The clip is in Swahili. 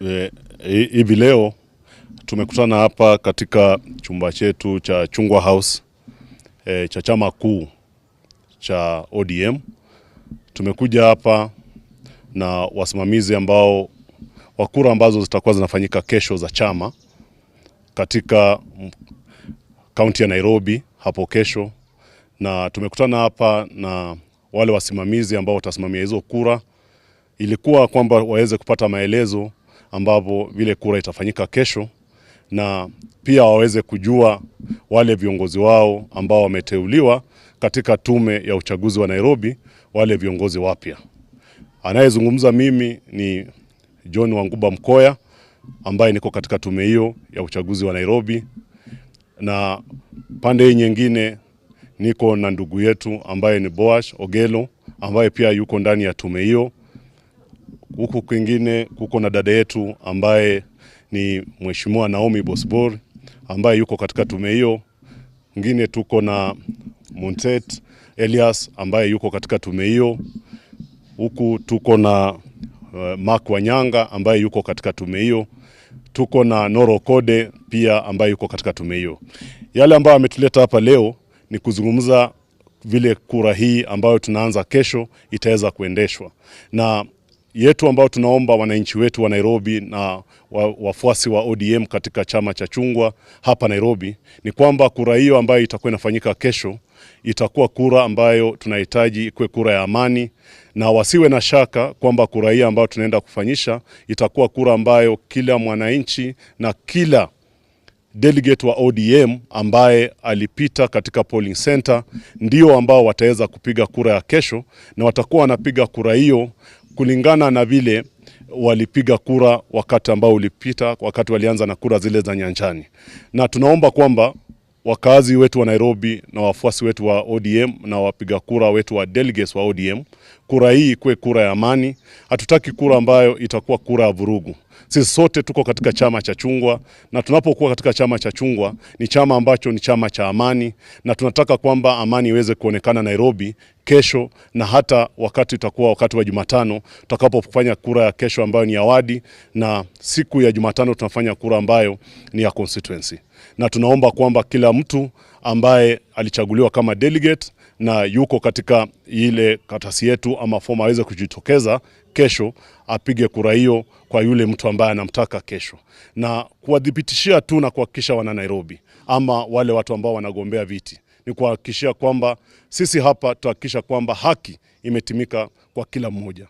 Eh, hivi e, leo tumekutana hapa katika chumba chetu cha Chungwa House e, cha chama kuu cha ODM. Tumekuja hapa na wasimamizi ambao wa kura ambazo zitakuwa zinafanyika kesho za chama katika kaunti ya Nairobi hapo kesho, na tumekutana hapa na wale wasimamizi ambao watasimamia hizo kura, ilikuwa kwamba waweze kupata maelezo ambapo vile kura itafanyika kesho, na pia waweze kujua wale viongozi wao ambao wameteuliwa katika tume ya uchaguzi wa Nairobi, wale viongozi wapya. Anayezungumza mimi ni John Wanguba Mkoya ambaye niko katika tume hiyo ya uchaguzi wa Nairobi, na pande hii nyingine niko na ndugu yetu ambaye ni Boash Ogelo ambaye pia yuko ndani ya tume hiyo. Huku kwingine kuko na dada yetu ambaye ni Mheshimiwa Naomi Bosbor ambaye yuko katika tume hiyo. Ngine tuko na Montet Elias ambaye yuko katika tume hiyo. Huku tuko na uh, Mark Wanyanga ambaye yuko katika tume hiyo. Tuko na Noro Kode pia ambaye yuko katika tume hiyo. Yale ambayo ametuleta hapa leo ni kuzungumza vile kura hii ambayo tunaanza kesho itaweza kuendeshwa na yetu ambao tunaomba wananchi wetu wa Nairobi na wafuasi wa ODM katika chama cha chungwa hapa Nairobi ni kwamba kura hiyo ambayo itakuwa inafanyika kesho itakuwa kura ambayo tunahitaji ikuwe kura ya amani, na wasiwe na shaka kwamba kura hiyo ambayo tunaenda kufanyisha itakuwa kura ambayo kila mwananchi na kila delegate wa ODM ambaye alipita katika polling center ndio ambao wataweza kupiga kura ya kesho, na watakuwa wanapiga kura hiyo kulingana na vile walipiga kura wakati ambao ulipita, wakati walianza na kura zile za nyanjani, na tunaomba kwamba wakazi wetu wa Nairobi na wafuasi wetu wa ODM na wapiga kura wetu wa delegates wa ODM, kura hii ikuwe kura ya amani. Hatutaki kura ambayo itakuwa kura ya vurugu. Sisi sote tuko katika chama cha chungwa, na tunapokuwa katika chama cha chungwa ni chama ambacho ni chama cha amani, na tunataka kwamba amani iweze kuonekana Nairobi kesho na hata wakati utakuwa wakati wa Jumatano tutakapofanya kura ya kesho ambayo ni awadi, wadi, na siku ya Jumatano tunafanya kura ambayo ni ya constituency, na tunaomba kwamba kila mtu ambaye alichaguliwa kama delegate na yuko katika ile katasi yetu ama fomu aweze kujitokeza kesho apige kura hiyo kwa yule mtu ambaye anamtaka kesho, na kuwadhibitishia tu na kuhakikisha wana Nairobi ama wale watu ambao wanagombea viti ni kuhakikishia kwamba sisi hapa tutahakikisha kwamba haki imetimika kwa kila mmoja.